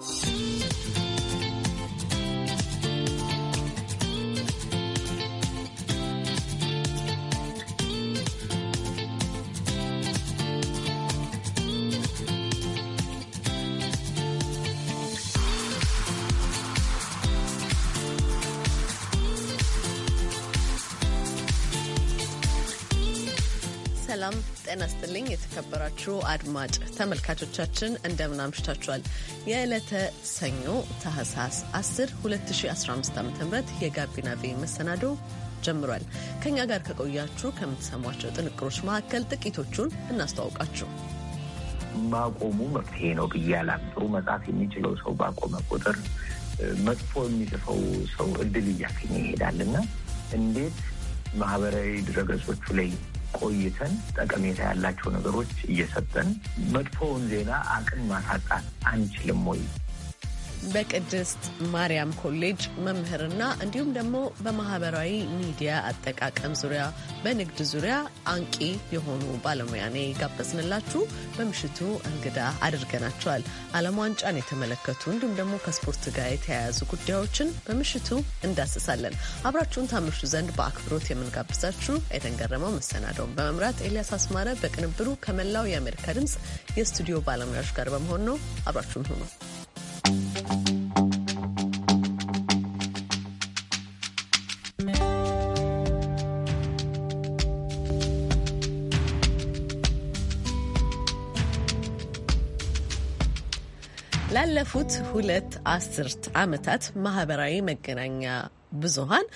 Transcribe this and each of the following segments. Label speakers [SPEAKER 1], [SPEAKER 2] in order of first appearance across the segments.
[SPEAKER 1] you
[SPEAKER 2] ጤና ስጥልኝ የተከበራችሁ አድማጭ ተመልካቾቻችን እንደምን አምሽታችኋል። የዕለተ ሰኞ ታህሳስ 10 2015 ዓ ም የጋቢና ቪ መሰናዶ ጀምሯል። ከእኛ ጋር ከቆያችሁ ከምትሰሟቸው ጥንቅሮች መካከል ጥቂቶቹን እናስተዋውቃችሁ።
[SPEAKER 3] ማቆሙ መፍትሄ ነው ብያላም። ጥሩ መጻፍ የሚችለው ሰው ባቆመ ቁጥር መጥፎ የሚጽፈው ሰው እድል እያገኘ ይሄዳልና እንዴት ማህበራዊ ድረገጾቹ ላይ ቆይተን ጠቀሜታ ያላቸው ነገሮች እየሰጠን መጥፎውን ዜና አቅም ማሳጣት አንችልም ወይ
[SPEAKER 2] በቅድስት ማርያም ኮሌጅ መምህርና እንዲሁም ደግሞ በማህበራዊ ሚዲያ አጠቃቀም ዙሪያ በንግድ ዙሪያ አንቂ የሆኑ ባለሙያ ነው የጋበዝንላችሁ። በምሽቱ እንግዳ አድርገናቸዋል። ዓለም ዋንጫን የተመለከቱ እንዲሁም ደግሞ ከስፖርት ጋር የተያያዙ ጉዳዮችን በምሽቱ እንዳስሳለን። አብራችሁን ታምሹ ዘንድ በአክብሮት የምንጋብዛችሁ ኤደን ገረመው መሰናደውን በመምራት ኤልያስ አስማረ በቅንብሩ ከመላው የአሜሪካ ድምፅ የስቱዲዮ ባለሙያዎች ጋር በመሆን ነው። አብራችሁን ሁኑ። ላለፉት ሁለት አስርት ዓመታት ማህበራዊ መገናኛ ብዙሃን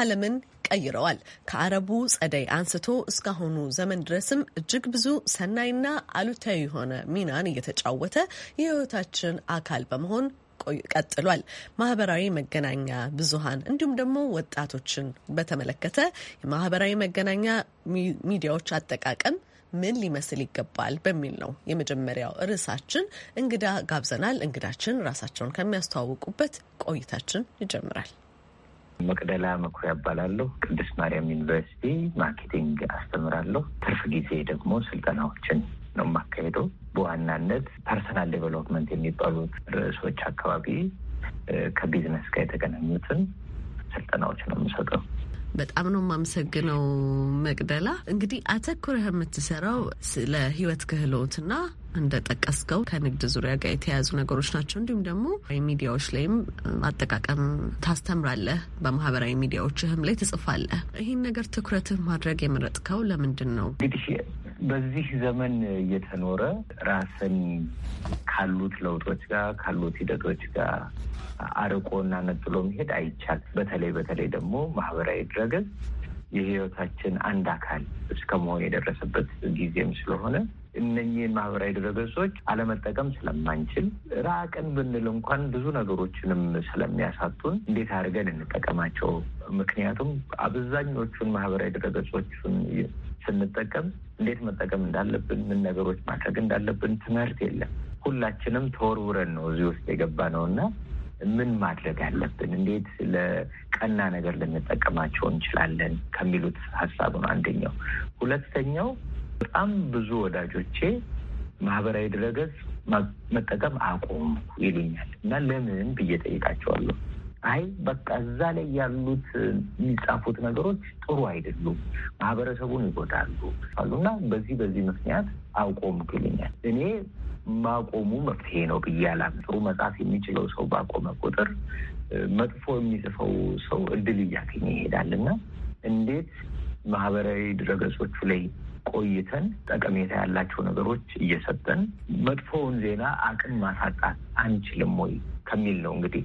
[SPEAKER 2] ዓለምን ቀይረዋል። ከአረቡ ጸደይ አንስቶ እስካሁኑ ዘመን ድረስም እጅግ ብዙ ሰናይና አሉታዊ የሆነ ሚናን እየተጫወተ የህይወታችን አካል በመሆን ቀጥሏል። ማህበራዊ መገናኛ ብዙሃን እንዲሁም ደግሞ ወጣቶችን በተመለከተ የማህበራዊ መገናኛ ሚዲያዎች አጠቃቀም ምን ሊመስል ይገባል በሚል ነው የመጀመሪያው ርዕሳችን። እንግዳ ጋብዘናል። እንግዳችን ራሳቸውን ከሚያስተዋውቁበት ቆይታችን ይጀምራል።
[SPEAKER 3] መቅደላ መኩሪያ እባላለሁ። ቅድስት ማርያም ዩኒቨርሲቲ ማርኬቲንግ አስተምራለሁ። ትርፍ ጊዜ ደግሞ ስልጠናዎችን ነው የማካሄደው። በዋናነት ፐርሰናል ዴቨሎፕመንት የሚባሉት ርዕሶች አካባቢ ከቢዝነስ ጋር የተገናኙትን ስልጠናዎች ነው የምሰጠው።
[SPEAKER 2] በጣም ነው የማመሰግነው መቅደላ። እንግዲህ አተኩረህ የምትሰራው ስለ ህይወት ክህሎትና እንደጠቀስከው ከንግድ ዙሪያ ጋር የተያያዙ ነገሮች ናቸው። እንዲሁም ደግሞ ሚዲያዎች ላይም አጠቃቀም ታስተምራለህ፣ በማህበራዊ ሚዲያዎችህም ላይ ትጽፋለህ። ይህን ነገር ትኩረትህ ማድረግ የመረጥከው ለምንድን ነው? እንግዲህ በዚህ
[SPEAKER 3] ዘመን እየተኖረ ራስን ካሉት ለውጦች ጋር ካሉት ሂደቶች ጋር አርቆ እና ነጥሎ መሄድ አይቻል። በተለይ በተለይ ደግሞ ማህበራዊ ድረገጽ የህይወታችን አንድ አካል እስከመሆን የደረሰበት ጊዜም ስለሆነ እነኚህን ማህበራዊ ድረገጾች አለመጠቀም ስለማንችል ራቅን ብንል እንኳን ብዙ ነገሮችንም ስለሚያሳጡን እንዴት አድርገን እንጠቀማቸው? ምክንያቱም አብዛኞቹን ማህበራዊ ድረገጾችን ስንጠቀም እንዴት መጠቀም እንዳለብን፣ ምን ነገሮች ማድረግ እንዳለብን ትምህርት የለም። ሁላችንም ተወርውረን ነው እዚህ ውስጥ የገባ ነው እና ምን ማድረግ አለብን፣ እንዴት ለቀና ነገር ልንጠቀማቸው እንችላለን ከሚሉት ሀሳብ ነው አንደኛው። ሁለተኛው በጣም ብዙ ወዳጆቼ ማህበራዊ ድረገጽ መጠቀም አቆሙ ይሉኛል እና ለምን ብዬ ጠይቃቸዋለሁ። አይ በቃ እዛ ላይ ያሉት የሚጻፉት ነገሮች ጥሩ አይደሉም፣ ማህበረሰቡን ይጎዳሉ አሉ እና በዚህ በዚህ ምክንያት አቆሙ ይሉኛል እኔ ማቆሙ መፍትሄ ነው ብዬ አላምንም። ጥሩ መጽሐፍ የሚችለው ሰው ባቆመ ቁጥር መጥፎ የሚጽፈው ሰው እድል እያገኘ ይሄዳል እና እንዴት ማህበራዊ ድረገጾቹ ላይ ቆይተን ጠቀሜታ ያላቸው ነገሮች እየሰጠን መጥፎውን ዜና አቅም ማሳጣት አንችልም ወይ ከሚል ነው እንግዲህ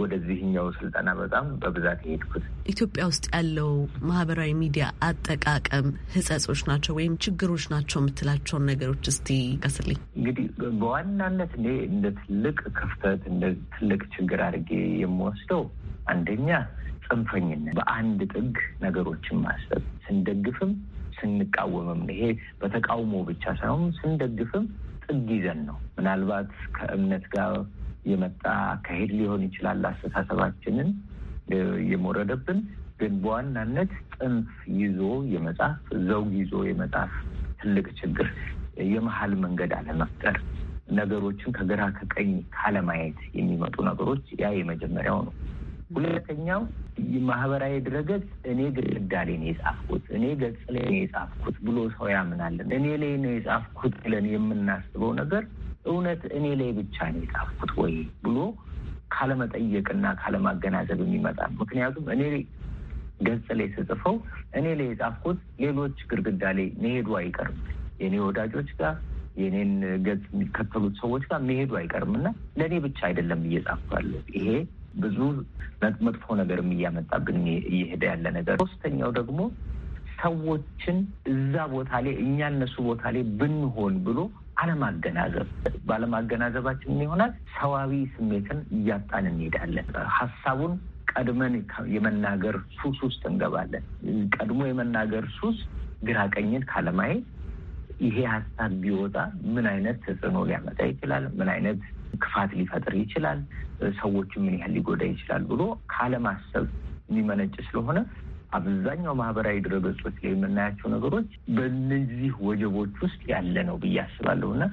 [SPEAKER 3] ወደዚህኛው ስልጠና በጣም በብዛት የሄድኩት።
[SPEAKER 2] ኢትዮጵያ ውስጥ ያለው ማህበራዊ ሚዲያ አጠቃቀም ህጸጾች ናቸው ወይም ችግሮች ናቸው የምትላቸውን ነገሮች እስቲ ቀስልኝ።
[SPEAKER 3] እንግዲህ በዋናነት እኔ እንደ ትልቅ ክፍተት እንደ ትልቅ ችግር አድርጌ የምወስደው አንደኛ ጽንፈኝነት፣ በአንድ ጥግ ነገሮችን ማሰብ ስንደግፍም ስንቃወምም ይሄ በተቃውሞ ብቻ ሳይሆን ስንደግፍም ጥግ ይዘን ነው። ምናልባት ከእምነት ጋር የመጣ አካሄድ ሊሆን ይችላል አስተሳሰባችንን የሞረደብን ግን በዋናነት ጥንፍ ይዞ የመጽሐፍ ዘውግ ይዞ የመጽሐፍ ትልቅ ችግር የመሀል መንገድ አለመፍጠር፣ ነገሮችን ከግራ ከቀኝ ካለማየት የሚመጡ ነገሮች ያ የመጀመሪያው ነው። ሁለተኛው ማህበራዊ ድረገጽ እኔ ግድግዳ ላይ ነው የጻፍኩት፣ እኔ ገጽ ላይ ነው የጻፍኩት ብሎ ሰው ያምናለን። እኔ ላይ ነው የጻፍኩት ብለን የምናስበው ነገር እውነት እኔ ላይ ብቻ ነው የጻፍኩት ወይ ብሎ ካለመጠየቅና ካለማገናዘብ የሚመጣ ምክንያቱም እኔ ገጽ ላይ ስጽፈው እኔ ላይ የጻፍኩት ሌሎች ግድግዳ ላይ መሄዱ አይቀርም። የእኔ ወዳጆች ጋር የእኔን ገጽ የሚከተሉት ሰዎች ጋር መሄዱ አይቀርም እና ለእኔ ብቻ አይደለም እየጻፍኩ ያለሁት ይሄ ብዙ መጥፎ ነገር እያመጣብን እየሄደ ያለ ነገር። ሶስተኛው ደግሞ ሰዎችን እዛ ቦታ ላይ እኛ እነሱ ቦታ ላይ ብንሆን ብሎ አለማገናዘብ ባለማገናዘባችን ይሆናል ሰዋዊ ስሜትን እያጣን እንሄዳለን። ሀሳቡን ቀድመን የመናገር ሱስ ውስጥ እንገባለን። ቀድሞ የመናገር ሱስ ግራ ቀኝን ካለማየት ይሄ ሀሳብ ቢወጣ ምን አይነት ተጽዕኖ ሊያመጣ ይችላል? ምን አይነት ክፋት ሊፈጥር ይችላል፣ ሰዎቹ ምን ያህል ሊጎዳ ይችላል ብሎ ካለማሰብ የሚመነጭ ስለሆነ አብዛኛው ማህበራዊ ድረገጾች ላይ የምናያቸው ነገሮች በእነዚህ ወጀቦች ውስጥ ያለ ነው ብዬ አስባለሁ እና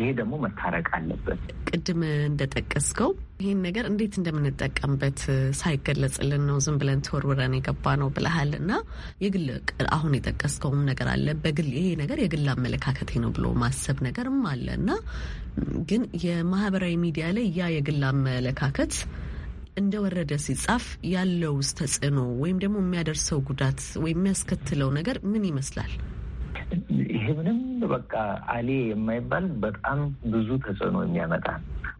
[SPEAKER 3] ይሄ ደግሞ መታረቅ አለበት።
[SPEAKER 2] ቅድም እንደጠቀስከው ይህን ነገር እንዴት እንደምንጠቀምበት ሳይገለጽልን ነው ዝም ብለን ተወርውረን የገባ ነው ብለሃል እና የግል አሁን የጠቀስከውም ነገር አለ። በግል ይሄ ነገር የግል አመለካከቴ ነው ብሎ ማሰብ ነገርም አለ እና ግን የማህበራዊ ሚዲያ ላይ ያ የግል አመለካከት እንደወረደ ሲጻፍ ያለው ተጽዕኖ ወይም ደግሞ የሚያደርሰው ጉዳት ወይም የሚያስከትለው ነገር ምን ይመስላል?
[SPEAKER 3] ይሄ ምንም በቃ አሌ የማይባል በጣም ብዙ ተጽዕኖ የሚያመጣ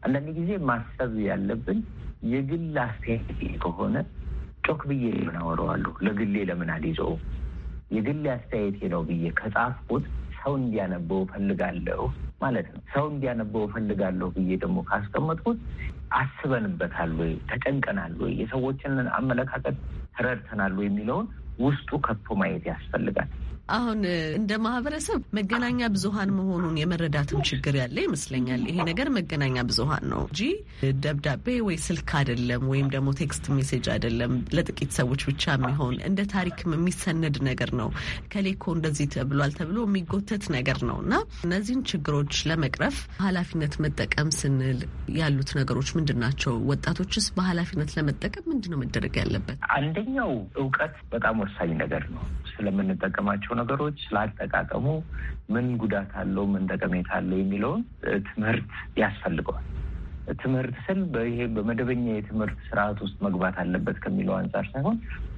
[SPEAKER 3] አንዳንድ ጊዜ ማሰብ ያለብን የግል አስተያየት ከሆነ ጮክ ብዬ ለምን አወራዋለሁ? ለግሌ ለምን አልይዘው? የግል አስተያየቴ ነው ብዬ ከጻፍኩት ሰው እንዲያነበው ፈልጋለሁ ማለት ነው። ሰው እንዲያነበው ፈልጋለሁ ብዬ ደግሞ ካስቀመጥኩት አስበንበታል ወይ፣ ተጨንቀናል ወይ፣ የሰዎችን አመለካከት ተረድተናል ወይ የሚለውን ውስጡ ከቶ ማየት ያስፈልጋል።
[SPEAKER 2] አሁን እንደ ማህበረሰብ መገናኛ ብዙሀን መሆኑን የመረዳትም ችግር ያለ ይመስለኛል። ይሄ ነገር መገናኛ ብዙሀን ነው እንጂ ደብዳቤ ወይ ስልክ አይደለም፣ ወይም ደግሞ ቴክስት ሜሴጅ አይደለም። ለጥቂት ሰዎች ብቻ የሚሆን እንደ ታሪክም የሚሰነድ ነገር ነው። ከሌኮ እንደዚህ ተብሏል ተብሎ የሚጎተት ነገር ነው እና እነዚህን ችግሮች ለመቅረፍ ኃላፊነት መጠቀም ስንል ያሉት ነገሮች ምንድን ናቸው? ወጣቶችስ በኃላፊነት ለመጠቀም ምንድነው መደረግ ያለበት?
[SPEAKER 3] አንደኛው እውቀት በጣም ወሳኝ ነገር ነው። ስለምንጠቀማቸው ያላቸው ነገሮች ለአጠቃቀሙ ምን ጉዳት አለው፣ ምን ጠቀሜታ አለው የሚለውን ትምህርት ያስፈልገዋል። ትምህርት ስል ይሄ በመደበኛ የትምህርት ስርዓት ውስጥ መግባት አለበት ከሚለው አንጻር ሳይሆን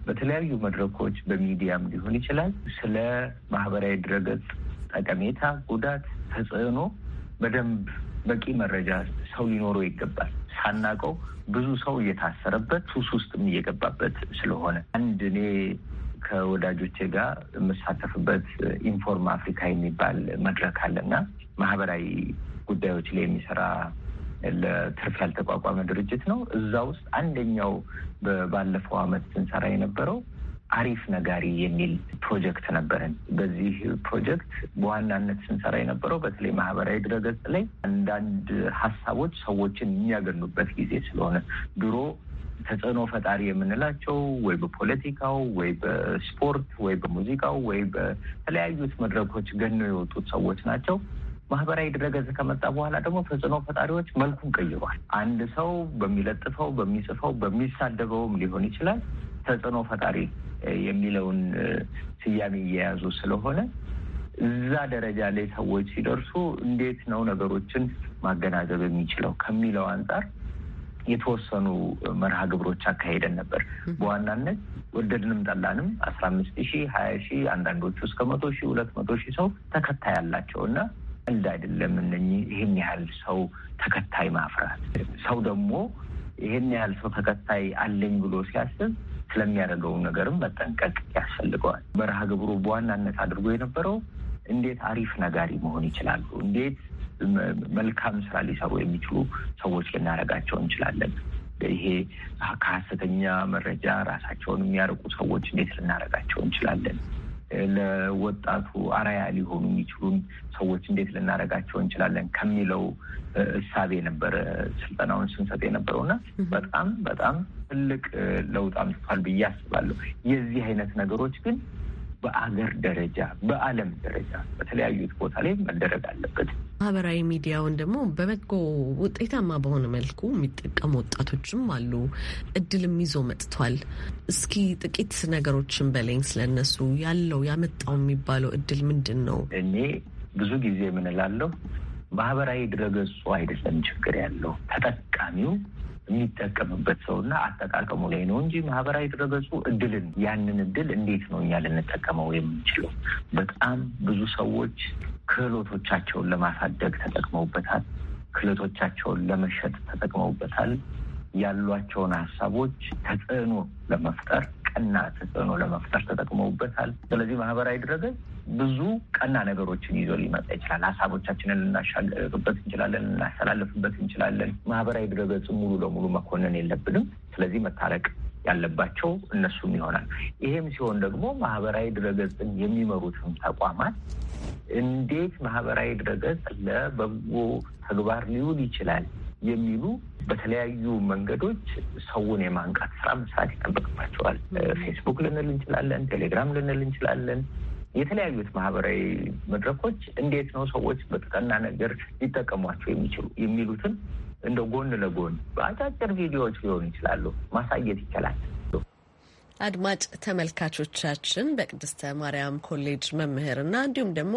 [SPEAKER 3] በተለያዩ መድረኮች በሚዲያም ሊሆን ይችላል ስለ ማህበራዊ ድረገጽ ጠቀሜታ፣ ጉዳት፣ ተጽዕኖ በደንብ በቂ መረጃ ሰው ሊኖረው ይገባል። ሳናቀው ብዙ ሰው እየታሰረበት ሱስ ውስጥም እየገባበት ስለሆነ አንድ እኔ ከወዳጆቼ ጋር የምሳተፍበት ኢንፎርም አፍሪካ የሚባል መድረክ አለና ማህበራዊ ጉዳዮች ላይ የሚሰራ ለትርፍ ያልተቋቋመ ድርጅት ነው። እዛ ውስጥ አንደኛው ባለፈው ዓመት ስንሰራ የነበረው አሪፍ ነጋሪ የሚል ፕሮጀክት ነበረን። በዚህ ፕሮጀክት በዋናነት ስንሰራ የነበረው በተለይ ማህበራዊ ድረገጽ ላይ አንዳንድ ሀሳቦች ሰዎችን የሚያገኙበት ጊዜ ስለሆነ ድሮ ተጽዕኖ ፈጣሪ የምንላቸው ወይ በፖለቲካው ወይ በስፖርት ወይ በሙዚቃው ወይ በተለያዩት መድረኮች ገነው የወጡት ሰዎች ናቸው። ማህበራዊ ድረገጽ ከመጣ በኋላ ደግሞ ተጽዕኖ ፈጣሪዎች መልኩን ቀይሯል። አንድ ሰው በሚለጥፈው፣ በሚጽፈው፣ በሚሳደበውም ሊሆን ይችላል ተጽዕኖ ፈጣሪ የሚለውን ስያሜ እየያዙ ስለሆነ እዛ ደረጃ ላይ ሰዎች ሲደርሱ እንዴት ነው ነገሮችን ማገናዘብ የሚችለው ከሚለው አንጻር የተወሰኑ መርሃ ግብሮች አካሄደን ነበር። በዋናነት ወደድንም ጠላንም አስራ አምስት ሺህ ሀያ ሺህ አንዳንዶቹ እስከ መቶ ሺህ ሁለት መቶ ሺህ ሰው ተከታይ ያላቸው እና እንደ አይደለም እነ ይህን ያህል ሰው ተከታይ ማፍራት ሰው ደግሞ ይህን ያህል ሰው ተከታይ አለኝ ብሎ ሲያስብ ስለሚያደርገው ነገርም መጠንቀቅ ያስፈልገዋል። መርሃ ግብሩ በዋናነት አድርጎ የነበረው እንዴት አሪፍ ነጋሪ መሆን ይችላሉ፣ እንዴት መልካም ስራ ሊሰሩ የሚችሉ ሰዎች ልናደርጋቸው እንችላለን። ይሄ ከሀሰተኛ መረጃ ራሳቸውን የሚያርቁ ሰዎች እንዴት ልናደርጋቸው እንችላለን? ለወጣቱ አራያ ሊሆኑ የሚችሉን ሰዎች እንዴት ልናደርጋቸው እንችላለን ከሚለው እሳቤ ነበረ ስልጠናውን ስንሰጥ የነበረው እና በጣም በጣም ትልቅ ለውጥ አምጥቷል ብዬ አስባለሁ። የዚህ አይነት ነገሮች ግን በአገር ደረጃ በዓለም ደረጃ በተለያዩት ቦታ ላይ መደረግ አለበት።
[SPEAKER 2] ማህበራዊ ሚዲያውን ደግሞ በበጎ ውጤታማ በሆነ መልኩ የሚጠቀሙ ወጣቶችም አሉ። እድልም ይዞ መጥቷል። እስኪ ጥቂት ነገሮችን በለኝ ስለነሱ። ያለው ያመጣው የሚባለው እድል ምንድን ነው? እኔ ብዙ ጊዜ ምንላለሁ ማህበራዊ ድረገጹ አይደለም ችግር ያለው ተጠቃሚው
[SPEAKER 3] የሚጠቀምበት ሰው እና አጠቃቀሙ ላይ ነው እንጂ ማህበራዊ ድረገጹ እድልን ያንን እድል እንዴት ነው እኛ ልንጠቀመው የምንችለው? በጣም ብዙ ሰዎች ክህሎቶቻቸውን ለማሳደግ ተጠቅመውበታል። ክህሎቶቻቸውን ለመሸጥ ተጠቅመውበታል። ያሏቸውን ሀሳቦች ተጽዕኖ ለመፍጠር ቀና ተጽዕኖ ለመፍጠር ተጠቅመውበታል። ስለዚህ ማህበራዊ ድረገጽ ብዙ ቀና ነገሮችን ይዞ ሊመጣ ይችላል። ሀሳቦቻችንን ልናሻገርበት እንችላለን፣ ልናስተላልፍበት እንችላለን። ማህበራዊ ድረገጽ ሙሉ ለሙሉ መኮንን የለብንም። ስለዚህ መታረቅ ያለባቸው እነሱም ይሆናል። ይሄም ሲሆን ደግሞ ማህበራዊ ድረገጽን የሚመሩትም ተቋማት እንዴት ማህበራዊ ድረገጽ ለበጎ ተግባር ሊውል ይችላል የሚሉ በተለያዩ መንገዶች ሰውን የማንቃት ስራ መስራት ይጠበቅባቸዋል። ፌስቡክ ልንል እንችላለን፣ ቴሌግራም ልንል እንችላለን። የተለያዩት ማህበራዊ መድረኮች እንዴት ነው ሰዎች በጥቀና ነገር ሊጠቀሟቸው የሚችሉ የሚሉትን እንደ ጎን ለጎን በአጫጭር ቪዲዮዎች ሊሆኑ ይችላሉ ማሳየት ይቻላል።
[SPEAKER 2] አድማጭ ተመልካቾቻችን በቅድስተ ማርያም ኮሌጅ መምህርና እንዲሁም ደግሞ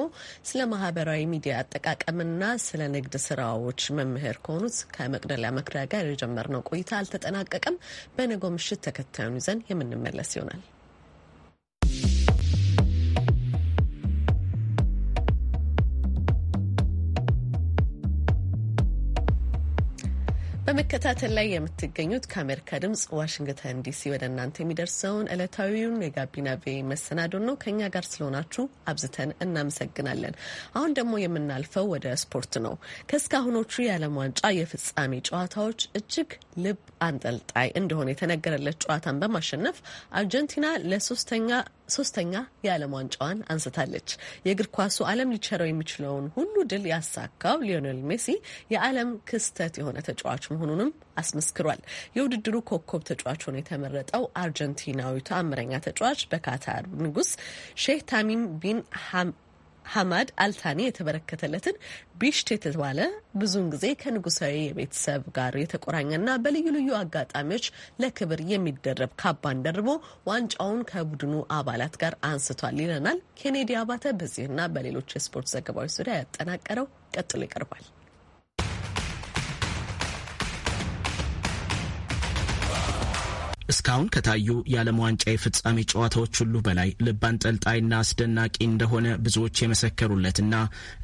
[SPEAKER 2] ስለ ማህበራዊ ሚዲያ አጠቃቀምና ስለ ንግድ ስራዎች መምህር ከሆኑት ከመቅደላ መክሪያ ጋር የጀመርነው ቆይታ አልተጠናቀቀም። በነገው ምሽት ተከታዩን ይዘን የምንመለስ ይሆናል። በመከታተል ላይ የምትገኙት ከአሜሪካ ድምጽ ዋሽንግተን ዲሲ ወደ እናንተ የሚደርሰውን ዕለታዊውን የጋቢና ቬ መሰናዶን ነው። ከኛ ጋር ስለሆናችሁ አብዝተን እናመሰግናለን። አሁን ደግሞ የምናልፈው ወደ ስፖርት ነው። ከእስካሁኖቹ የዓለም ዋንጫ የፍጻሜ ጨዋታዎች እጅግ ልብ አንጠልጣይ እንደሆነ የተነገረለት ጨዋታን በማሸነፍ አርጀንቲና ለሶስተኛ ሶስተኛ የዓለም ዋንጫዋን አንስታለች። የእግር ኳሱ ዓለም ሊቸረው የሚችለውን ሁሉ ድል ያሳካው ሊዮኔል ሜሲ የዓለም ክስተት የሆነ ተጫዋች መሆኑንም አስመስክሯል። የውድድሩ ኮከብ ተጫዋች ሆኖ የተመረጠው አርጀንቲናዊቱ አምረኛ ተጫዋች በካታር ንጉስ ሼህ ታሚም ቢን ሀማድ አልታኒ የተበረከተለትን ቢሽት የተባለ ብዙውን ጊዜ ከንጉሳዊ የቤተሰብ ጋር የተቆራኘና በልዩ ልዩ አጋጣሚዎች ለክብር የሚደረብ ካባን ደርቦ ዋንጫውን ከቡድኑ አባላት ጋር አንስቷል ይለናል ኬኔዲ አባተ። በዚህና በሌሎች የስፖርት ዘገባዎች ዙሪያ ያጠናቀረው ቀጥሎ ይቀርባል።
[SPEAKER 1] እስካሁን ከታዩ የዓለም ዋንጫ የፍጻሜ ጨዋታዎች ሁሉ በላይ ልብ አንጠልጣይና አስደናቂ እንደሆነ ብዙዎች የመሰከሩለትና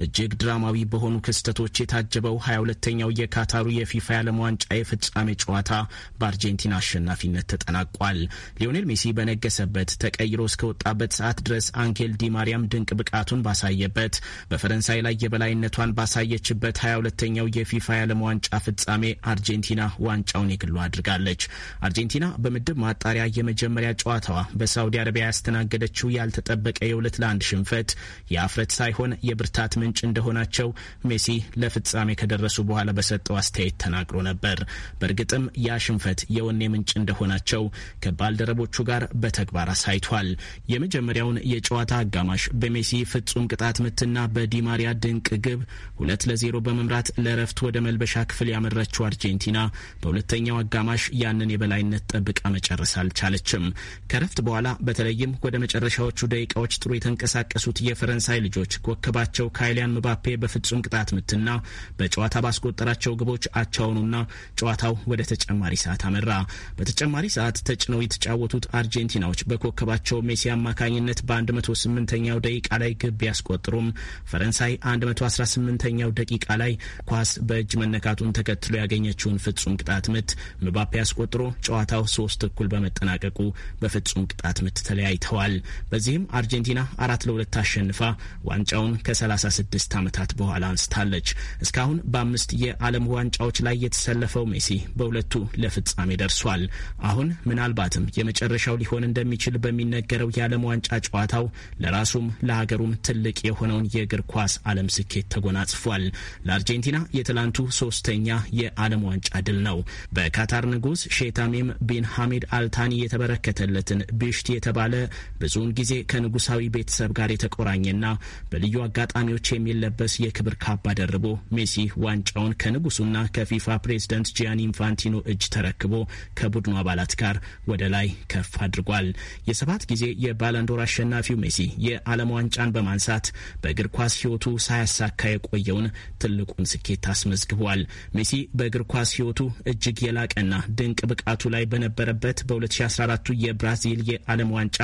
[SPEAKER 1] እጅግ ድራማዊ በሆኑ ክስተቶች የታጀበው 22ተኛው የካታሩ የፊፋ የዓለም ዋንጫ የፍጻሜ ጨዋታ በአርጀንቲና አሸናፊነት ተጠናቋል። ሊዮኔል ሜሲ በነገሰበት ተቀይሮ እስከወጣበት ሰዓት ድረስ አንጌል ማርያም ድንቅ ብቃቱን ባሳየበት፣ በፈረንሳይ ላይ የበላይነቷን ባሳየችበት 22 ለተኛው የፊፋ የዓለም ዋንጫ ፍጻሜ አርጀንቲና ዋንጫውን የግሏ አድርጋለች። አርጀንቲና በምድብ ማጣሪያ የመጀመሪያ ጨዋታዋ በሳውዲ አረቢያ ያስተናገደችው ያልተጠበቀ የሁለት ለአንድ ሽንፈት የአፍረት ሳይሆን የብርታት ምንጭ እንደሆናቸው ሜሲ ለፍጻሜ ከደረሱ በኋላ በሰጠው አስተያየት ተናግሮ ነበር። በእርግጥም ያ ሽንፈት የወኔ ምንጭ እንደሆናቸው ከባልደረቦቹ ጋር በተግባር አሳይቷል። የመጀመሪያውን የጨዋታ አጋማሽ በሜሲ ፍጹም ቅጣት ምትና በዲማሪያ ድንቅ ግብ ሁለት ለዜሮ በመምራት ለረፍት ወደ መልበሻ ክፍል ያመራችው አርጀንቲና በሁለተኛው አጋማሽ ያንን የበላይነት ጠብቃ መጨረስ አልቻለችም። ከረፍት በኋላ በተለይም ወደ መጨረሻዎቹ ደቂቃዎች ጥሩ የተንቀሳቀሱት የፈረንሳይ ልጆች ኮከባቸው ካይሊያን ምባፔ በፍጹም ቅጣት ምትና በጨዋታ ባስቆጠራቸው ግቦች አቻውኑና ጨዋታው ወደ ተጨማሪ ሰዓት አመራ። በተጨማሪ ሰዓት ተጭነው የተጫወቱት አርጀንቲናዎች በኮከባቸው ሜሲ አማካኝነት በ108ኛው ደቂቃ ላይ ግብ ቢያስቆጥሩም ፈረንሳይ 118ኛው ደቂቃ ላይ ኳስ በእጅ መነካቱን ተከትሎ ያገኘችውን ፍጹም ቅጣት ምት ምባፔ አስቆጥሮ ጨዋታው ሶስት እኩል በመጠናቀቁ በፍጹም ቅጣት ምት ተለያይተዋል። በዚህም አርጀንቲና አራት ለሁለት አሸንፋ ዋንጫውን ከ36 ዓመታት በኋላ አንስታለች። እስካሁን በአምስት የዓለም ዋንጫዎች ላይ የተሰለፈው ሜሲ በሁለቱ ለፍጻሜ ደርሷል። አሁን ምናልባትም የመጨረሻው ሊሆን እንደሚችል በሚነገረው የዓለም ዋንጫ ጨዋታው ለራሱም ለሀገሩም ትልቅ የሆነውን የእግር ኳስ ዓለም ስኬት ተጎናጽፏል። ለአርጀንቲና የትላንቱ ሶስተኛ የዓለም ዋንጫ ድል ነው። በካታር ንጉሥ ሼታሚም ቢን ሐሚድ አልታኒ የተበረከተለትን ብሽት የተባለ ብዙውን ጊዜ ከንጉሳዊ ቤተሰብ ጋር የተቆራኘና በልዩ አጋጣሚዎች የሚለበስ የክብር ካባ ደርቦ ሜሲ ዋንጫውን ከንጉሱና ከፊፋ ፕሬዝደንት ጂያኒ ኢንፋንቲኖ እጅ ተረክቦ ከቡድኑ አባላት ጋር ወደ ላይ ከፍ አድርጓል። የሰባት ጊዜ የባላንዶር አሸናፊው ሜሲ የዓለም ዋንጫን በማንሳት በእግር ኳስ ሕይወቱ ሳያሳካ የቆየውን ትልቁን ስኬት አስመዝግቧል። ሜሲ በእግር ኳስ ሕይወቱ እጅግ የላቀና ድንቅ ብቃቱ ላይ በነበረ በነበረበት በ2014 የብራዚል የዓለም ዋንጫ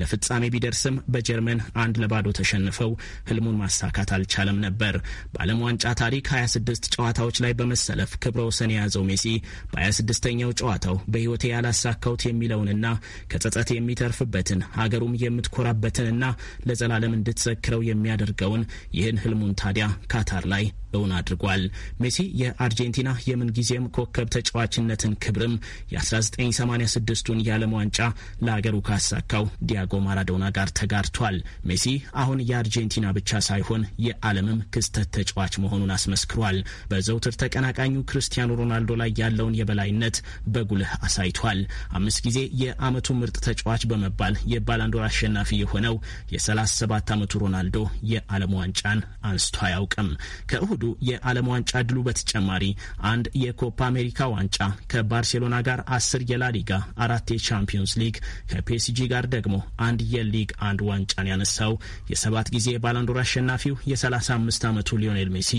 [SPEAKER 1] ለፍጻሜ ቢደርስም በጀርመን አንድ ለባዶ ተሸንፈው ህልሙን ማሳካት አልቻለም ነበር። በዓለም ዋንጫ ታሪክ 26 ጨዋታዎች ላይ በመሰለፍ ክብረ ወሰን የያዘው ሜሲ በ26ኛው ጨዋታው በሕይወቴ ያላሳካውት የሚለውንና ከጸጸት የሚተርፍበትን ሀገሩም የምትኮራበትንና ለዘላለም እንድትዘክረው የሚያደርገውን ይህን ህልሙን ታዲያ ካታር ላይ እውን አድርጓል። ሜሲ የአርጀንቲና የምንጊዜም ኮከብ ተጫዋችነትን ክብርም የ19 86ቱን የዓለም ዋንጫ ለአገሩ ካሳካው ዲያጎ ማራዶና ጋር ተጋርቷል። ሜሲ አሁን የአርጀንቲና ብቻ ሳይሆን የዓለምም ክስተት ተጫዋች መሆኑን አስመስክሯል። በዘውትር ተቀናቃኙ ክርስቲያኖ ሮናልዶ ላይ ያለውን የበላይነት በጉልህ አሳይቷል። አምስት ጊዜ የዓመቱ ምርጥ ተጫዋች በመባል የባላንዶር አሸናፊ የሆነው የ37 ዓመቱ ሮናልዶ የዓለም ዋንጫን አንስቶ አያውቅም። ከእሁዱ የዓለም ዋንጫ ድሉ በተጨማሪ አንድ የኮፓ አሜሪካ ዋንጫ ከባርሴሎና ጋር አስር የላ ላሊጋ አራት የቻምፒዮንስ ሊግ ከፒኤስጂ ጋር ደግሞ አንድ የሊግ አንድ ዋንጫን ያነሳው የሰባት ጊዜ የባሎንዶር አሸናፊው የ35 ዓመቱ ሊዮኔል ሜሲ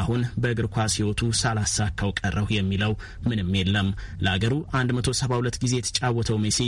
[SPEAKER 1] አሁን በእግር ኳስ ህይወቱ ሳላሳካው ቀረሁ የሚለው ምንም የለም። ለአገሩ 172 ጊዜ የተጫወተው ሜሲ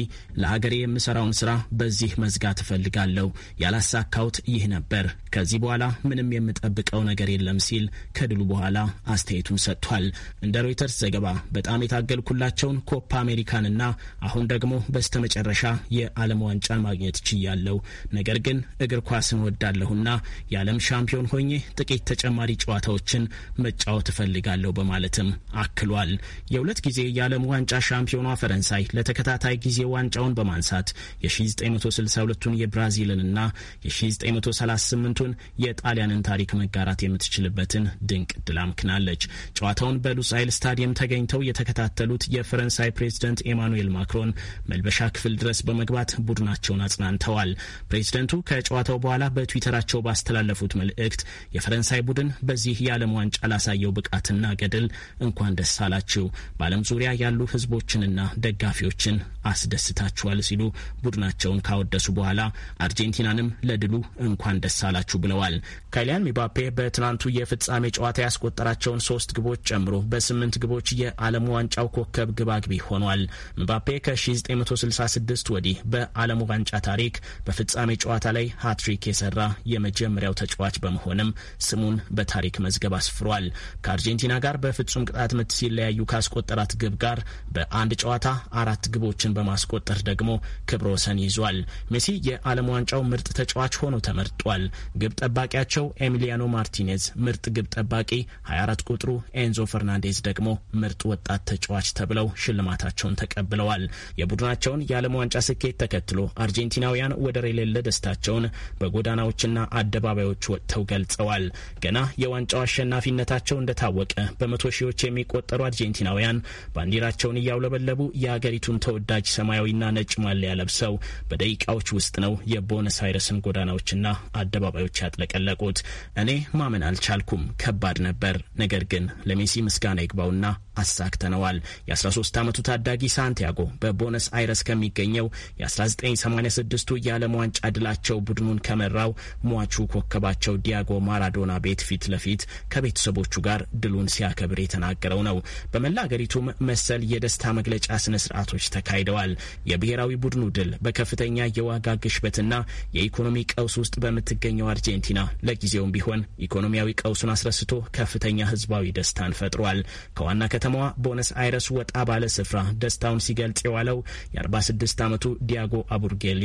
[SPEAKER 1] ለሀገሬ የምሰራውን ስራ በዚህ መዝጋት እፈልጋለሁ፣ ያላሳካውት ይህ ነበር፣ ከዚህ በኋላ ምንም የምጠብቀው ነገር የለም ሲል ከድሉ በኋላ አስተያየቱን ሰጥቷል። እንደ ሮይተርስ ዘገባ በጣም የታገልኩላቸውን ኮፓ አሜሪካን እና አሁን ደግሞ በስተመጨረሻ የዓለም ዋንጫን ማግኘት ችያለው። ነገር ግን እግር ኳስን ወዳለሁና የዓለም ሻምፒዮን ሆኜ ጥቂት ተጨማሪ ጨዋታዎችን መጫወት እፈልጋለሁ በማለትም አክሏል። የሁለት ጊዜ የዓለም ዋንጫ ሻምፒዮኗ ፈረንሳይ ለተከታታይ ጊዜ ዋንጫውን በማንሳት የ1962ቱን የብራዚልንና የ1938ቱን የጣሊያንን ታሪክ መጋራት የምትችልበትን ድንቅ ድል አምክናለች። ጨዋታውን በሉሳይል ስታዲየም ተገኝተው የተከታተሉት የፈረንሳይ ፕሬዝደንት ኢማኑኤል ማክሮን መልበሻ ክፍል ድረስ በመግባት ቡድናቸውን አጽናንተዋል። ፕሬዚደንቱ ከጨዋታው በኋላ በትዊተራቸው ባስተላለፉት መልእክት የፈረንሳይ ቡድን በዚህ የዓለም ዋንጫ ላሳየው ብቃትና ገድል እንኳን ደስ አላችሁ፣ በዓለም ዙሪያ ያሉ ህዝቦችንና ደጋፊዎችን አስደስታችኋል ሲሉ ቡድናቸውን ካወደሱ በኋላ አርጀንቲናንም ለድሉ እንኳን ደስ አላችሁ ብለዋል። ካይሊያን ሚባፔ በትናንቱ የፍጻሜ ጨዋታ ያስቆጠራቸውን ሶስት ግቦች ጨምሮ በስምንት ግቦች የዓለም ዋንጫው ኮከብ ግባግቢ ሆኗል። ምባፔ ከ1966 ወዲህ በዓለም ዋንጫ ታሪክ በፍጻሜ ጨዋታ ላይ ሃትሪክ የሰራ የመጀመሪያው ተጫዋች በመሆንም ስሙን በታሪክ መዝገብ አስፍሯል። ከአርጀንቲና ጋር በፍጹም ቅጣት ምት ሲለያዩ ካስቆጠራት ግብ ጋር በአንድ ጨዋታ አራት ግቦችን በማስቆጠር ደግሞ ክብረ ወሰን ይዟል። ሜሲ የዓለም ዋንጫው ምርጥ ተጫዋች ሆኖ ተመርጧል። ግብ ጠባቂያቸው ኤሚሊያኖ ማርቲኔዝ ምርጥ ግብ ጠባቂ፣ 24 ቁጥሩ ኤንዞ ፈርናንዴዝ ደግሞ ምርጥ ወጣት ተጫዋች ተብለው ሽልማታቸውን ተቀ ተቀብለዋል። የቡድናቸውን የዓለም ዋንጫ ስኬት ተከትሎ አርጀንቲናውያን ወደር የሌለ ደስታቸውን በጎዳናዎችና አደባባዮች ወጥተው ገልጸዋል። ገና የዋንጫው አሸናፊነታቸው እንደታወቀ በመቶ ሺዎች የሚቆጠሩ አርጀንቲናውያን ባንዲራቸውን እያውለበለቡ የአገሪቱን ተወዳጅ ሰማያዊና ነጭ ማሊያ ለብሰው በደቂቃዎች ውስጥ ነው የቦነስ አይረስን ጎዳናዎችና አደባባዮች ያጥለቀለቁት። እኔ ማመን አልቻልኩም። ከባድ ነበር። ነገር ግን ለሜሲ ምስጋና ይግባውና አሳክተነዋል። የ13 ዓመቱ ታዳጊ ሳንቲያጎ በቦነስ አይረስ ከሚገኘው የ1986ቱ የዓለም ዋንጫ ድላቸው ቡድኑን ከመራው ሟቹ ኮከባቸው ዲያጎ ማራዶና ቤት ፊት ለፊት ከቤተሰቦቹ ጋር ድሉን ሲያከብር የተናገረው ነው። በመላ አገሪቱም መሰል የደስታ መግለጫ ስነ ስርዓቶች ተካሂደዋል። የብሔራዊ ቡድኑ ድል በከፍተኛ የዋጋ ግሽበትና የኢኮኖሚ ቀውስ ውስጥ በምትገኘው አርጀንቲና ለጊዜውም ቢሆን ኢኮኖሚያዊ ቀውሱን አስረስቶ ከፍተኛ ህዝባዊ ደስታን ፈጥሯል። ከዋና ከተማ ከከተማዋ ቦነስ አይረስ ወጣ ባለ ስፍራ ደስታውን ሲገልጽ የዋለው የ46 ዓመቱ ዲያጎ አቡርጌሊ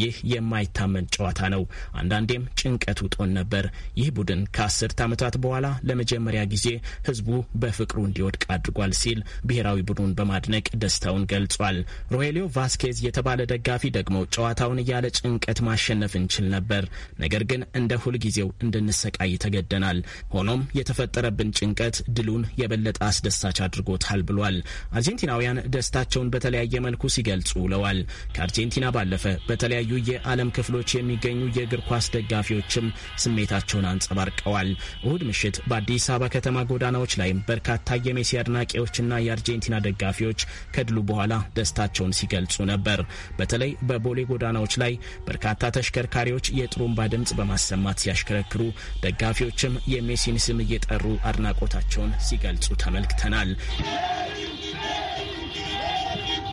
[SPEAKER 1] ይህ የማይታመን ጨዋታ ነው፣ አንዳንዴም ጭንቀት ውጦን ነበር። ይህ ቡድን ከአስርት ዓመታት በኋላ ለመጀመሪያ ጊዜ ህዝቡ በፍቅሩ እንዲወድቅ አድርጓል ሲል ብሔራዊ ቡድኑን በማድነቅ ደስታውን ገልጿል። ሮሄሊዮ ቫስኬዝ የተባለ ደጋፊ ደግሞ ጨዋታውን እያለ ጭንቀት ማሸነፍ እንችል ነበር፣ ነገር ግን እንደ ሁልጊዜው እንድንሰቃይ ተገደናል። ሆኖም የተፈጠረብን ጭንቀት ድሉን የበለጠ አስደሳች አድርጎታል ብሏል። አርጀንቲናውያን ደስታቸውን በተለያየ መልኩ ሲገልጹ ውለዋል። ከአርጀንቲና ባለፈ በተለያዩ የዓለም ክፍሎች የሚገኙ የእግር ኳስ ደጋፊዎችም ስሜታቸውን አንጸባርቀዋል። እሁድ ምሽት በአዲስ አበባ ከተማ ጎዳናዎች ላይም በርካታ የሜሲ አድናቂዎችና የአርጀንቲና ደጋፊዎች ከድሉ በኋላ ደስታቸውን ሲገልጹ ነበር። በተለይ በቦሌ ጎዳናዎች ላይ በርካታ ተሽከርካሪዎች የጥሩምባ ድምፅ በማሰማት ሲያሽከረክሩ፣ ደጋፊዎችም የሜሲን ስም እየጠሩ አድናቆታቸውን ሲገልጹ ተመልክተናል። Hey, hey.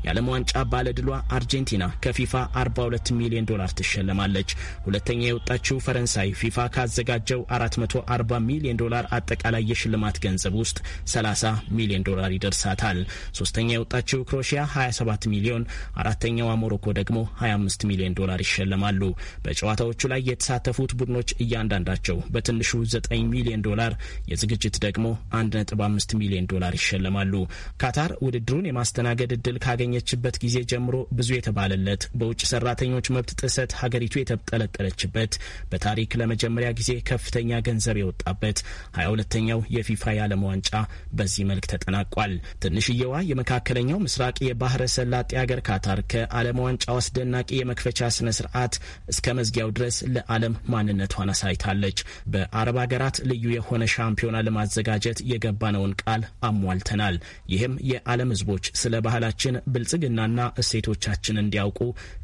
[SPEAKER 1] የዓለም ዋንጫ ባለድሏ አርጀንቲና ከፊፋ 42 ሚሊዮን ዶላር ትሸለማለች። ሁለተኛ የወጣችው ፈረንሳይ ፊፋ ካዘጋጀው 440 ሚሊዮን ዶላር አጠቃላይ የሽልማት ገንዘብ ውስጥ 30 ሚሊዮን ዶላር ይደርሳታል። ሶስተኛ የወጣችው ክሮሺያ 27 ሚሊዮን፣ አራተኛዋ ሞሮኮ ደግሞ 25 ሚሊዮን ዶላር ይሸለማሉ። በጨዋታዎቹ ላይ የተሳተፉት ቡድኖች እያንዳንዳቸው በትንሹ 9 ሚሊዮን ዶላር፣ የዝግጅት ደግሞ 1.5 ሚሊዮን ዶላር ይሸለማሉ። ካታር ውድድሩን የማስተናገድ እድል ካገኘ ከተገኘችበት ጊዜ ጀምሮ ብዙ የተባለለት በውጭ ሰራተኞች መብት ጥሰት ሀገሪቱ የተጠለጠለችበት በታሪክ ለመጀመሪያ ጊዜ ከፍተኛ ገንዘብ የወጣበት ሀያ ሁለተኛው የፊፋ የዓለም ዋንጫ በዚህ መልክ ተጠናቋል። ትንሽየዋ የመካከለኛው ምስራቅ የባህረ ሰላጤ ሀገር ካታር ከዓለም ዋንጫው አስደናቂ የመክፈቻ ስነ ስርዓት እስከ መዝጊያው ድረስ ለዓለም ማንነቷን አሳይታለች። በአረብ ሀገራት ልዩ የሆነ ሻምፒዮና ለማዘጋጀት የገባነውን ቃል አሟልተናል። ይህም የዓለም ህዝቦች ስለ ባህላችን ብልጽግናና እሴቶቻችን እንዲያውቁ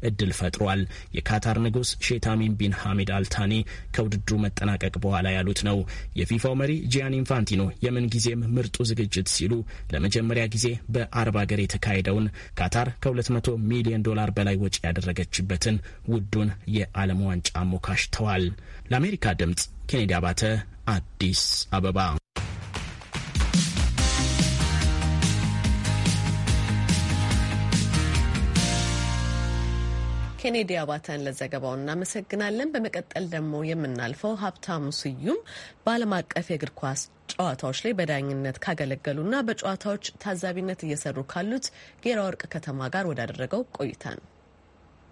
[SPEAKER 1] እድል ፈጥሯል። የካታር ንጉሥ ሼታሚን ቢን ሐሚድ አልታኒ ከውድድሩ መጠናቀቅ በኋላ ያሉት ነው። የፊፋው መሪ ጂያን ኢንፋንቲኖ የምንጊዜም ምርጡ ዝግጅት ሲሉ ለመጀመሪያ ጊዜ በአረብ ሀገር የተካሄደውን ካታር ከ200 ሚሊዮን ዶላር በላይ ወጪ ያደረገችበትን ውዱን የዓለም ዋንጫ ሞካሽተዋል። ለአሜሪካ ድምፅ ኬኔዲ አባተ አዲስ አበባ
[SPEAKER 2] ኬኔዲ አባተን ለዘገባው እናመሰግናለን። በመቀጠል ደግሞ የምናልፈው ሀብታሙ ስዩም በዓለም አቀፍ የእግር ኳስ ጨዋታዎች ላይ በዳኝነት ካገለገሉና በጨዋታዎች ታዛቢነት እየሰሩ ካሉት ጌራ ወርቅ ከተማ ጋር ወዳደረገው ቆይታ ነው።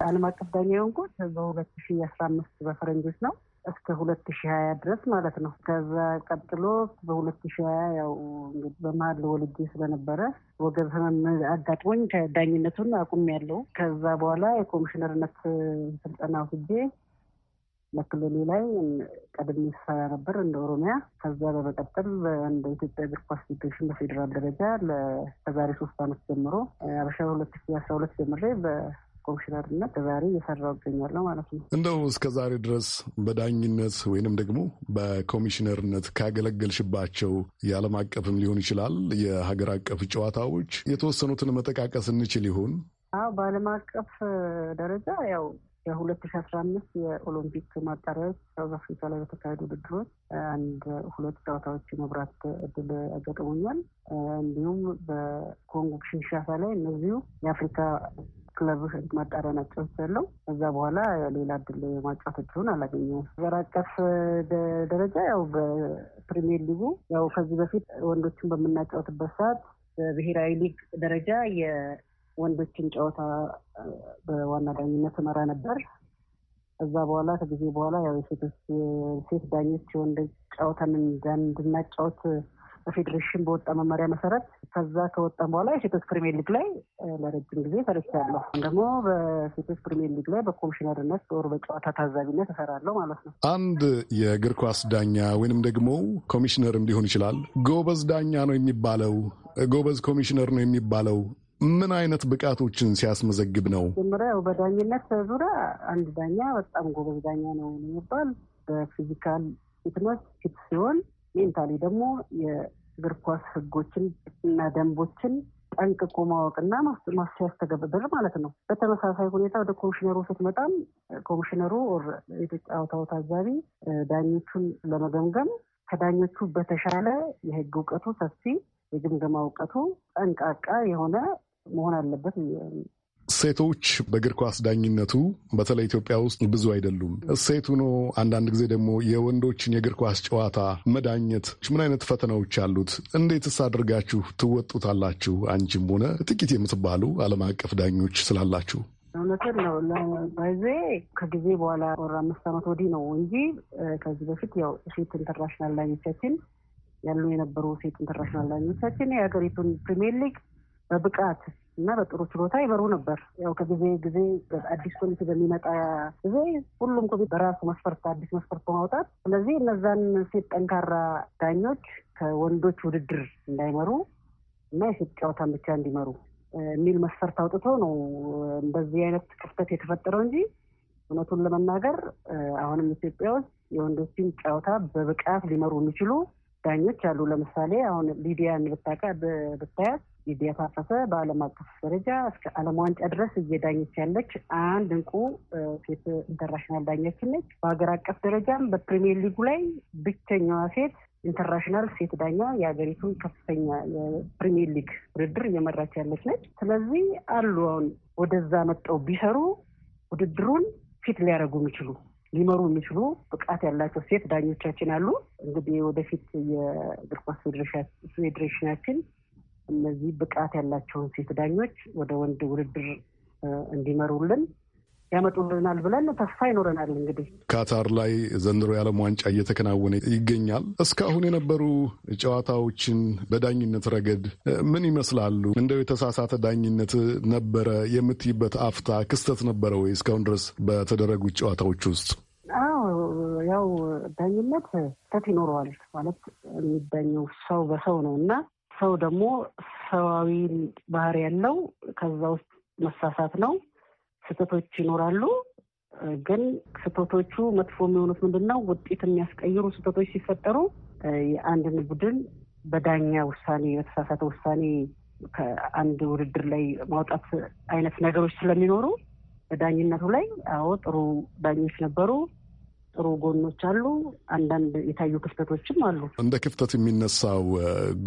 [SPEAKER 4] ዓለም አቀፍ ዳኛ የሆንኩት በሁለት ሺ አስራ አምስት በፈረንጆች ነው። እስከ ሁለት ሺ ሀያ ድረስ ማለት ነው። ከዛ ቀጥሎ በሁለት ሺ ሀያ ያው እንግዲህ በመሀል ወልጄ ስለነበረ ወገብ ህመም አጋጥሞኝ ከዳኝነቱን ያለው ከዛ በኋላ የኮሚሽነርነት ስልጠና ወስጄ በክልሉ ላይ ቀድሜ ስሰራ ነበር እንደ ኦሮሚያ። ከዛ በመቀጠል እንደ ኢትዮጵያ እግር ኳስ ፌዴሬሽን በፌዴራል ደረጃ ከዛሬ ሶስት አመት ጀምሮ አበሻ ሁለት ሺ አስራ ሁለት ጀምሬ ኮሚሽነርነት ዛሬ እየሰራው ይገኛለው ማለት ነው።
[SPEAKER 5] እንደው እስከ ዛሬ ድረስ በዳኝነት ወይንም ደግሞ በኮሚሽነርነት ካገለገልሽባቸው የዓለም አቀፍም ሊሆን ይችላል የሀገር አቀፍ ጨዋታዎች የተወሰኑትን መጠቃቀስ እንችል ይሆን?
[SPEAKER 4] አዎ በዓለም አቀፍ ደረጃ ያው የሁለት ሺ አስራ አምስት የኦሎምፒክ ማጣሪያዎች ሳውዝ አፍሪካ ላይ በተካሄዱ ውድድሮች አንድ ሁለት ጨዋታዎች መብራት እድል አጋጥሞኛል። እንዲሁም በኮንጎ ኪንሻሳ ላይ እነዚሁ የአፍሪካ ክለብህ ማጣሪያ ናቸው ያለው እዛ በኋላ ሌላ እድል ማጫወት እድሉን አላገኘሁም። ሀገር አቀፍ ደረጃ ያው በፕሪሚየር ሊጉ ያው ከዚህ በፊት ወንዶችን በምናጫወትበት ሰዓት በብሔራዊ ሊግ ደረጃ የወንዶችን ጨዋታ በዋና ዳኝነት እመራ ነበር። እዛ በኋላ ከጊዜ በኋላ ያው የሴቶች ሴት ዳኞች የወንዶች ጨዋታን እንድናጫወት ፌዴሬሽን በወጣ መመሪያ መሰረት ከዛ ከወጣም በኋላ የሴቶች ፕሪሚየር ሊግ ላይ ለረጅም ጊዜ ሰርቻለሁ። ደግሞ በሴቶች ፕሪሚየር ሊግ ላይ በኮሚሽነርነት ጦር በጨዋታ ታዛቢነት እሰራለሁ ማለት ነው።
[SPEAKER 5] አንድ የእግር ኳስ ዳኛ ወይንም ደግሞ ኮሚሽነርም ሊሆን ይችላል ጎበዝ ዳኛ ነው የሚባለው፣ ጎበዝ ኮሚሽነር ነው የሚባለው ምን አይነት ብቃቶችን ሲያስመዘግብ ነው?
[SPEAKER 4] ያው በዳኝነት ዙሪያ አንድ ዳኛ በጣም ጎበዝ ዳኛ ነው የሚባል በፊዚካል ፊትነስ ፊት ሲሆን ሜንታሊ ደግሞ እግር ኳስ ህጎችን እና ደንቦችን ጠንቅቆ ማወቅና ማስያስተገብር ማለት ነው። በተመሳሳይ ሁኔታ ወደ ኮሚሽነሩ ስትመጣም ኮሚሽነሩ የኢትዮጵያ አውታው ታዛቢ ዳኞቹን ለመገምገም ከዳኞቹ በተሻለ የህግ እውቀቱ ሰፊ የግምገማ እውቀቱ ጠንቃቃ የሆነ መሆን አለበት
[SPEAKER 5] ሴቶች በእግር ኳስ ዳኝነቱ በተለይ ኢትዮጵያ ውስጥ ብዙ አይደሉም። ሴት ሆኖ አንዳንድ ጊዜ ደግሞ የወንዶችን የእግር ኳስ ጨዋታ መዳኘት ምን አይነት ፈተናዎች አሉት? እንዴትስ አድርጋችሁ ትወጡታላችሁ? አንቺም ሆነ ጥቂት የምትባሉ ዓለም አቀፍ ዳኞች ስላላችሁ።
[SPEAKER 4] እውነትን ነው በዜ ከጊዜ በኋላ ወር አምስት ዓመት ወዲህ ነው እንጂ ከዚህ በፊት ያው ሴት ኢንተርናሽናል ዳኞቻችን ያሉ የነበሩ ሴት ኢንተርናሽናል ዳኞቻችን የሀገሪቱን ፕሪሚየር ሊግ በብቃት እና በጥሩ ችሎታ ይበሩ ነበር። ያው ከጊዜ ጊዜ አዲስ ኮሚቴ በሚመጣ ጊዜ ሁሉም ኮሚቴ በራሱ መስፈርት አዲስ መስፈርት በማውጣት ስለዚህ እነዛን ሴት ጠንካራ ዳኞች ከወንዶች ውድድር እንዳይመሩ እና የሴት ጨዋታን ብቻ እንዲመሩ የሚል መስፈርት አውጥቶ ነው እንደዚህ አይነት ክፍተት የተፈጠረው እንጂ እውነቱን ለመናገር አሁንም ኢትዮጵያ ውስጥ የወንዶችን ጨዋታ በብቃት ሊመሩ የሚችሉ ዳኞች አሉ። ለምሳሌ አሁን ሊዲያን ብታቃ ብታያት እየተፋፈሰ በአለም በዓለም አቀፍ ደረጃ እስከ ዓለም ዋንጫ ድረስ እየዳኘች ያለች አንድ እንቁ ሴት ኢንተርናሽናል ዳኛችን ነች። በሀገር አቀፍ ደረጃም በፕሪሚየር ሊጉ ላይ ብቸኛዋ ሴት ኢንተርናሽናል ሴት ዳኛ የሀገሪቱን ከፍተኛ የፕሪሚየር ሊግ ውድድር እየመራች ያለች ነች። ስለዚህ አሉ አሁን ወደዛ መጠው ቢሰሩ ውድድሩን ፊት ሊያደርጉ የሚችሉ ሊመሩ የሚችሉ ብቃት ያላቸው ሴት ዳኞቻችን አሉ። እንግዲህ ወደፊት የእግር ኳስ ፌዴሬሽናችን እነዚህ ብቃት ያላቸውን ሴት ዳኞች ወደ ወንድ ውድድር እንዲመሩልን ያመጡልናል ብለን ተስፋ ይኖረናል። እንግዲህ
[SPEAKER 5] ካታር ላይ ዘንድሮ የዓለም ዋንጫ እየተከናወነ ይገኛል። እስካሁን የነበሩ ጨዋታዎችን በዳኝነት ረገድ ምን ይመስላሉ? እንደው የተሳሳተ ዳኝነት ነበረ የምትይበት አፍታ ክስተት ነበረ ወይ እስካሁን ድረስ በተደረጉት ጨዋታዎች ውስጥ?
[SPEAKER 4] አዎ ያው ዳኝነት ክስተት ይኖረዋል ማለት የሚዳኘው ሰው በሰው ነው እና ሰው ደግሞ ሰዋዊ ባህሪ ያለው ከዛ ውስጥ መሳሳት ነው። ስህተቶች ይኖራሉ። ግን ስህተቶቹ መጥፎ የሚሆኑት ምንድን ነው? ውጤት የሚያስቀይሩ ስህተቶች ሲፈጠሩ የአንድን ቡድን በዳኛ ውሳኔ በተሳሳተ ውሳኔ ከአንድ ውድድር ላይ ማውጣት አይነት ነገሮች ስለሚኖሩ በዳኝነቱ ላይ አዎ ጥሩ ዳኞች ነበሩ፣ ጥሩ ጎኖች አሉ፣ አንዳንድ የታዩ ክፍተቶችም አሉ።
[SPEAKER 5] እንደ ክፍተት የሚነሳው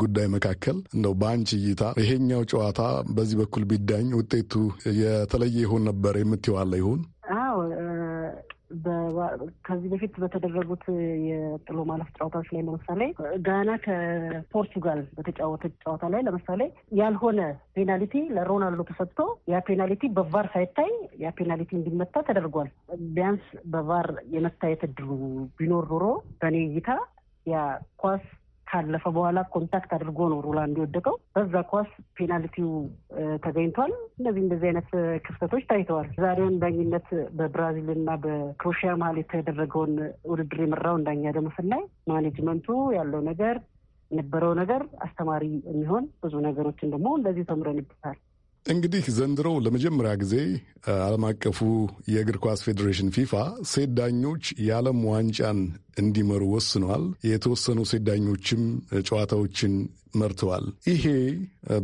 [SPEAKER 5] ጉዳይ መካከል እንደው በአንቺ እይታ ይሄኛው ጨዋታ በዚህ በኩል ቢዳኝ ውጤቱ የተለየ ይሆን ነበር የምትዋለ ይሆን?
[SPEAKER 4] ከዚህ በፊት በተደረጉት የጥሎ ማለፍ ጨዋታዎች ላይ ለምሳሌ ጋና ከፖርቱጋል በተጫወተች ጨዋታ ላይ ለምሳሌ ያልሆነ ፔናልቲ ለሮናልዶ ተሰጥቶ ያ ፔናልቲ በቫር ሳይታይ ያ ፔናልቲ እንዲመታ ተደርጓል። ቢያንስ በቫር የመታየት እድሉ ቢኖር ኖሮ በእኔ እይታ ያ ኳስ ካለፈ በኋላ ኮንታክት አድርጎ ነው ሮላንድ የወደቀው። በዛ ኳስ ፔናልቲው ተገኝቷል። እነዚህ እንደዚህ አይነት ክፍተቶች ታይተዋል። ዛሬውን ዳኝነት በብራዚል እና በክሮሺያ መሀል የተደረገውን ውድድር የመራውን ዳኛ ደግሞ ስናይ ማኔጅመንቱ ያለው ነገር የነበረው ነገር አስተማሪ የሚሆን ብዙ ነገሮችን ደግሞ እንደዚህ ተምረንበታል።
[SPEAKER 5] እንግዲህ ዘንድሮ ለመጀመሪያ ጊዜ ዓለም አቀፉ የእግር ኳስ ፌዴሬሽን ፊፋ ሴት ዳኞች የዓለም ዋንጫን እንዲመሩ ወስኗል። የተወሰኑ ሴት ዳኞችም ጨዋታዎችን መርተዋል። ይሄ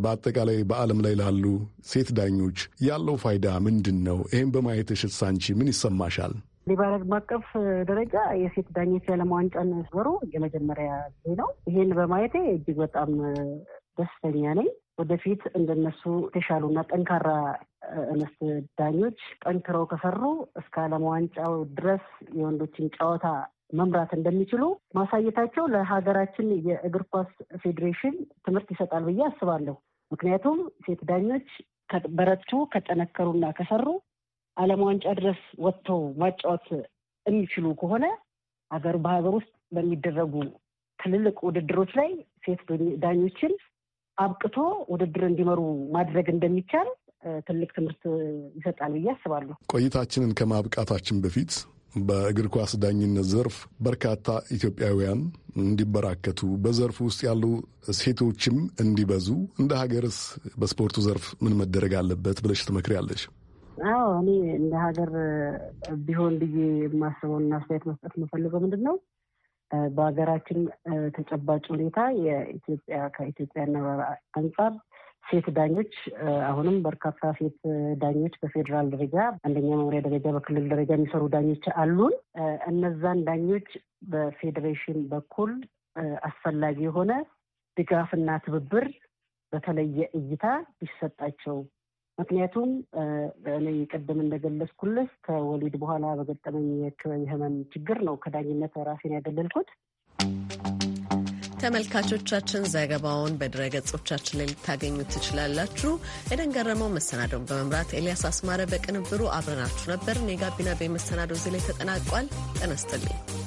[SPEAKER 5] በአጠቃላይ በዓለም ላይ ላሉ ሴት ዳኞች ያለው ፋይዳ ምንድን ነው? ይህም በማየት ሽሳንቺ ምን ይሰማሻል?
[SPEAKER 4] እንግዲህ በዓለም አቀፍ ደረጃ የሴት ዳኞች የዓለም ዋንጫን ወሩ የመጀመሪያ ጊዜ ነው። ይህን በማየቴ እጅግ በጣም ደስተኛ ነኝ። ወደፊት እንደነሱ የተሻሉና ጠንካራ እንስት ዳኞች ጠንክረው ከሰሩ እስከ ዓለም ዋንጫው ድረስ የወንዶችን ጨዋታ መምራት እንደሚችሉ ማሳየታቸው ለሀገራችን የእግር ኳስ ፌዴሬሽን ትምህርት ይሰጣል ብዬ አስባለሁ። ምክንያቱም ሴት ዳኞች ከበረቱ ከጠነከሩና ከሰሩ ዓለም ዋንጫ ድረስ ወጥተው ማጫወት የሚችሉ ከሆነ ሀገር በሀገር ውስጥ በሚደረጉ ትልልቅ ውድድሮች ላይ ሴት ዳኞችን አብቅቶ ውድድር እንዲመሩ ማድረግ እንደሚቻል ትልቅ ትምህርት ይሰጣል ብዬ አስባለሁ።
[SPEAKER 5] ቆይታችንን ከማብቃታችን በፊት በእግር ኳስ ዳኝነት ዘርፍ በርካታ ኢትዮጵያውያን እንዲበራከቱ በዘርፍ ውስጥ ያሉ ሴቶችም እንዲበዙ እንደ ሀገርስ በስፖርቱ ዘርፍ ምን መደረግ አለበት ብለሽ ትመክሪያለሽ?
[SPEAKER 4] አዎ እኔ እንደ ሀገር ቢሆን ብዬ የማስበውና አስተያየት መስጠት የምፈልገው ምንድን ነው በሀገራችን ተጨባጭ ሁኔታ የኢትዮጵያ ከኢትዮጵያ ነባር አንጻር ሴት ዳኞች አሁንም በርካታ ሴት ዳኞች በፌዴራል ደረጃ አንደኛ መምሪያ ደረጃ በክልል ደረጃ የሚሰሩ ዳኞች አሉን። እነዛን ዳኞች በፌዴሬሽን በኩል አስፈላጊ የሆነ ድጋፍና ትብብር በተለየ እይታ ቢሰጣቸው ምክንያቱም እኔ ቅድም እንደገለጽኩልህ ከወሊድ በኋላ በገጠመኝ የህመም ችግር ነው ከዳኝነት ራሴን ያገለልኩት።
[SPEAKER 2] ተመልካቾቻችን ዘገባውን በድረ ገጾቻችን ላይ ልታገኙ ትችላላችሁ። ኤደን ገረመው መሰናዶውን በመምራት ኤልያስ አስማረ በቅንብሩ አብረናችሁ ነበር። እኔ በመሰናዶ እዚህ ላይ ተጠናቋል። ጤና ይስጥልኝ።